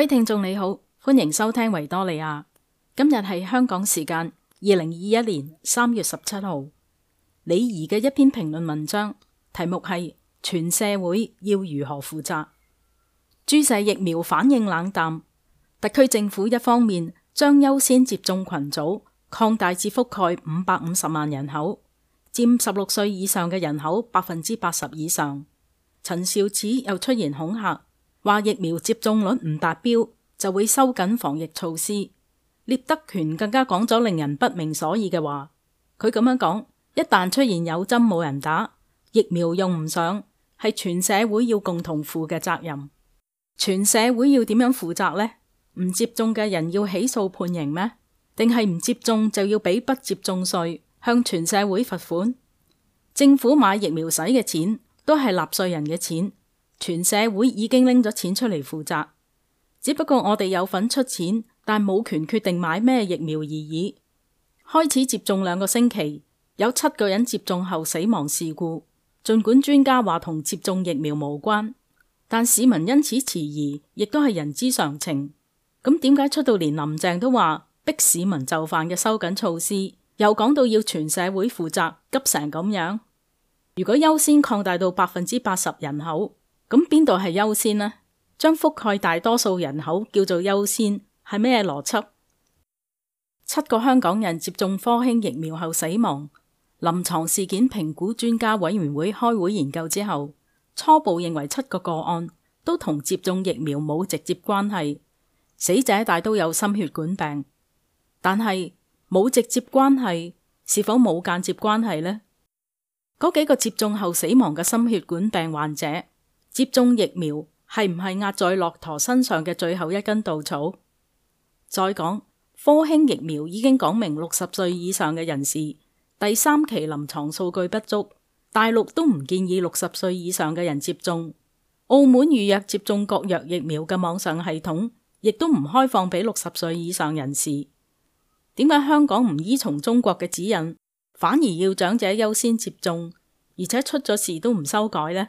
各位聽眾你好，歡迎收聽維多利亞。今日係香港時間二零二一年三月十七號，李怡嘅一篇評論文章，題目係《全社會要如何負責》，注射疫苗反應冷淡。特區政府一方面將優先接種群組，擴大至覆蓋五百五十萬人口，佔十六歲以上嘅人口百分之八十以上。陳肇始又出現恐嚇。話疫苗接種率唔達標就會收緊防疫措施。聶德權更加講咗令人不明所以嘅話，佢咁樣講：一旦出現有針冇人打，疫苗用唔上，係全社會要共同負嘅責任。全社會要點樣負責呢？唔接種嘅人要起訴判刑咩？定係唔接種就要俾不接種稅向全社會罰款？政府買疫苗使嘅錢都係納稅人嘅錢。全社會已經拎咗錢出嚟負責，只不過我哋有份出錢，但冇權決定買咩疫苗而已。開始接種兩個星期，有七個人接種後死亡事故。盡管專家話同接種疫苗無關，但市民因此遲疑，亦都係人之常情。咁點解出到連林鄭都話逼市民就範嘅收緊措施，又講到要全社會負責，急成咁樣？如果優先擴大到百分之八十人口，咁邊度係優先呢？將覆蓋大多數人口叫做優先，係咩邏輯？七個香港人接種科興疫苗後死亡，臨床事件評估專家委員會開會研究之後，初步認為七個個案都同接種疫苗冇直接關係。死者大都有心血管病，但係冇直接關係，是否冇間接關係呢？嗰幾個接種後死亡嘅心血管病患者。接種疫苗係唔係壓在駱駝身上嘅最後一根稻草？再講，科興疫苗已經講明六十歲以上嘅人士，第三期臨床數據不足，大陸都唔建議六十歲以上嘅人接種。澳門預約接種國藥疫苗嘅網上系統亦都唔開放俾六十歲以上人士。點解香港唔依從中國嘅指引，反而要長者優先接種，而且出咗事都唔修改呢？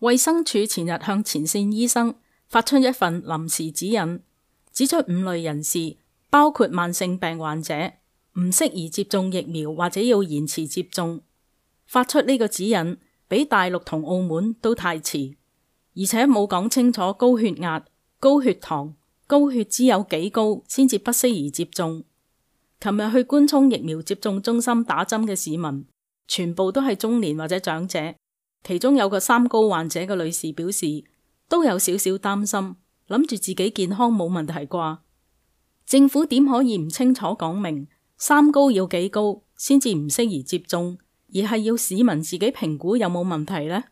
衛生署前日向前線醫生發出一份臨時指引，指出五類人士，包括慢性病患者唔適宜接種疫苗，或者要延遲接種。發出呢個指引比大陸同澳門都太遲，而且冇講清楚高血壓、高血糖、高血脂有幾高先至不適宜接種。琴日去官涌疫苗接種中心打針嘅市民，全部都係中年或者長者。其中有個三高患者嘅女士表示，都有少少擔心，諗住自己健康冇問題啩。政府點可以唔清楚講明三高要幾高先至唔適宜接種，而係要市民自己評估有冇問題呢？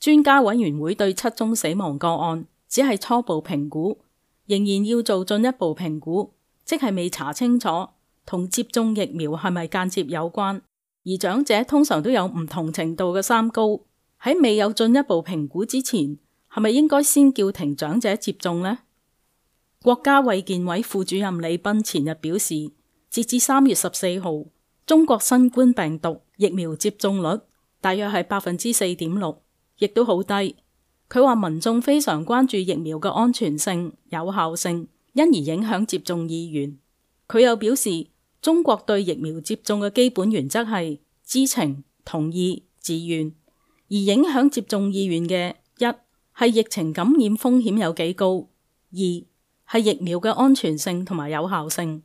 專家委員會對七宗死亡個案只係初步評估，仍然要做進一步評估，即係未查清楚同接種疫苗係咪間接有關。而長者通常都有唔同程度嘅三高，喺未有進一步評估之前，係咪應該先叫停長者接種呢？國家衛健委副主任李斌前日表示，截至三月十四號，中國新冠病毒疫苗接種率大約係百分之四點六，亦都好低。佢話民眾非常關注疫苗嘅安全性、有效性，因而影響接種意願。佢又表示：中國對疫苗接種嘅基本原則係知情同意自願，而影響接種意願嘅一係疫情感染風險有幾高，二係疫苗嘅安全性同埋有效性。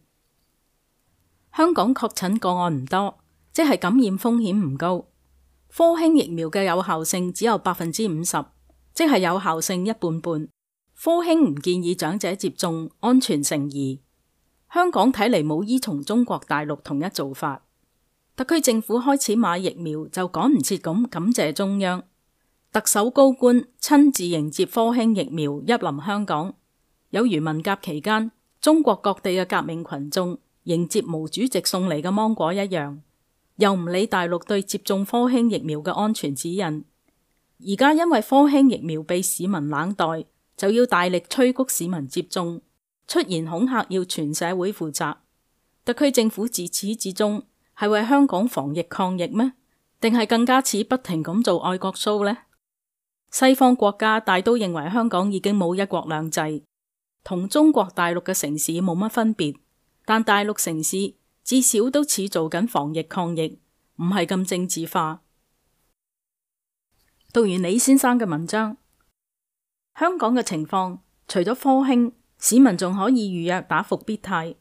香港確診個案唔多，即係感染風險唔高。科興疫苗嘅有效性只有百分之五十，即係有效性一半半。科興唔建議長者接種，安全成疑。香港睇嚟冇依從中國大陸同一做法，特區政府開始買疫苗就趕唔切咁感謝中央，特首高官親自迎接科興疫苗蒞臨香港，有如文革期間中國各地嘅革命群眾迎接毛主席送嚟嘅芒果一樣，又唔理大陸對接種科興疫苗嘅安全指引。而家因為科興疫苗被市民冷待，就要大力催谷市民接種。出現恐嚇，要全社會負責。特區政府自始至終係為香港防疫抗疫咩？定係更加似不停咁做愛國 show 呢？西方國家大都認為香港已經冇一國兩制，同中國大陸嘅城市冇乜分別，但大陸城市至少都似做緊防疫抗疫，唔係咁政治化。讀完李先生嘅文章，香港嘅情況除咗科興。市民仲可以預約打伏必泰。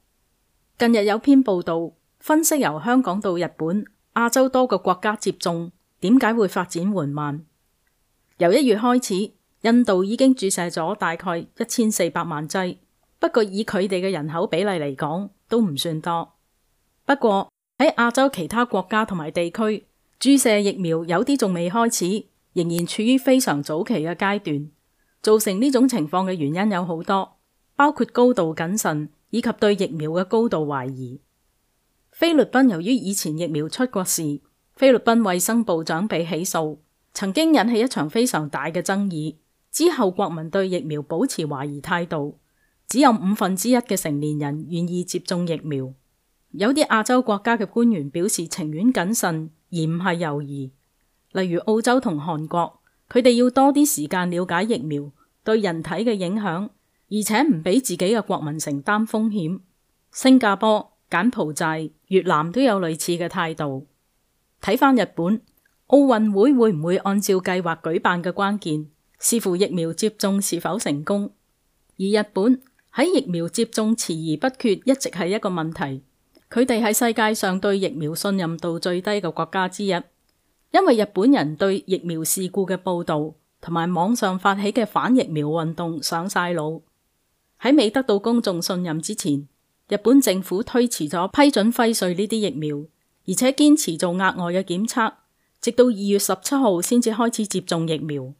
近日有篇報道分析，由香港到日本、亞洲多個國家接種，點解會發展緩慢？由一月開始，印度已經注射咗大概一千四百萬劑，不過以佢哋嘅人口比例嚟講，都唔算多。不過喺亞洲其他國家同埋地區注射疫苗，有啲仲未開始，仍然處於非常早期嘅階段。造成呢種情況嘅原因有好多。包括高度謹慎以及對疫苗嘅高度懷疑。菲律賓由於以前疫苗出過事，菲律賓衛生部長被起訴，曾經引起一場非常大嘅爭議。之後國民對疫苗保持懷疑態度，只有五分之一嘅成年人願意接種疫苗。有啲亞洲國家嘅官員表示情願謹慎，情願謹慎而唔係猶豫。例如澳洲同韓國，佢哋要多啲時間了解疫苗對人體嘅影響。而且唔俾自己嘅國民承擔風險，新加坡、柬埔寨、越南都有類似嘅態度。睇翻日本奧運會會唔會按照計劃舉辦嘅關鍵，視乎疫苗接種是否成功。而日本喺疫苗接種遲疑不決，一直係一個問題。佢哋係世界上對疫苗信任度最低嘅國家之一，因為日本人對疫苗事故嘅報道同埋網上發起嘅反疫苗運動上晒腦。喺未得到公眾信任之前，日本政府推遲咗批准輝瑞呢啲疫苗，而且堅持做額外嘅檢測，直到二月十七號先至開始接種疫苗。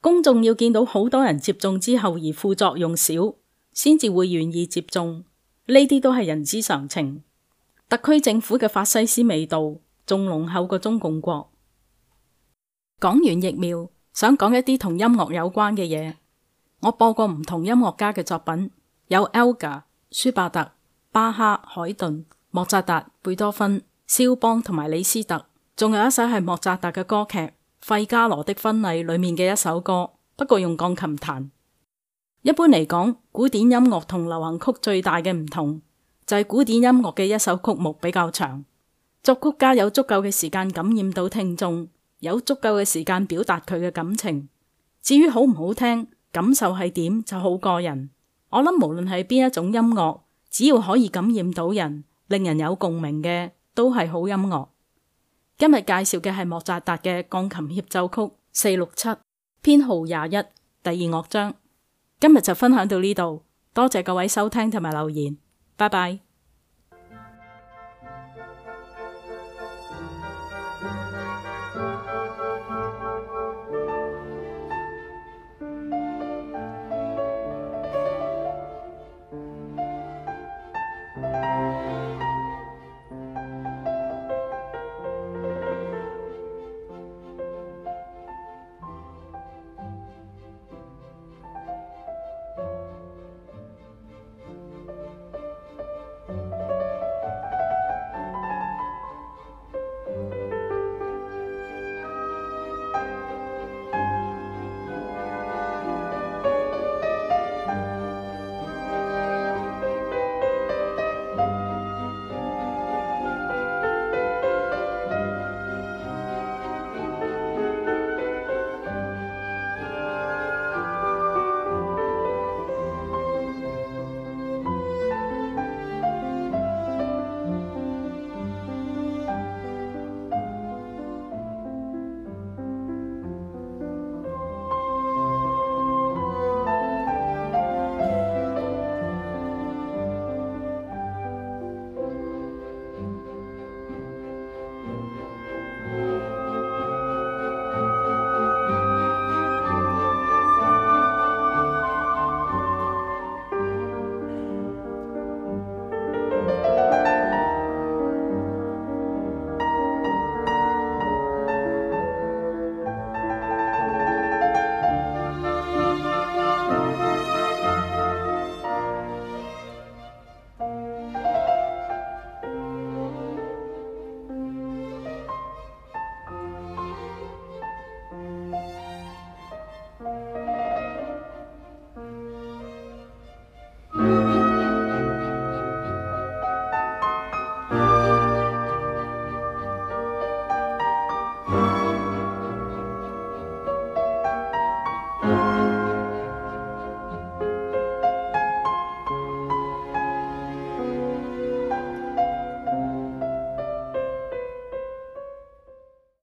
公眾要見到好多人接種之後而副作用少，先至會願意接種。呢啲都係人之常情。特區政府嘅法西斯味道仲濃厚過中共國。講完疫苗，想講一啲同音樂有關嘅嘢。我播過唔同音樂家嘅作品，有 Elgar、舒伯，伯特、巴哈、海頓、莫扎特、貝多芬、肖邦同埋李斯特，仲有一首係莫扎特嘅歌劇《費加羅的婚禮》裏面嘅一首歌，不過用鋼琴彈。一般嚟講，古典音樂同流行曲最大嘅唔同就係、是、古典音樂嘅一首曲目比較長，作曲家有足夠嘅時間感染到聽眾，有足夠嘅時間表達佢嘅感情。至於好唔好聽？感受係點就好個人，我諗無論係邊一種音樂，只要可以感染到人，令人有共鳴嘅，都係好音樂。今日介紹嘅係莫扎特嘅鋼琴協奏曲四六七，編號廿一，第二樂章。今日就分享到呢度，多謝各位收聽同埋留言，拜拜。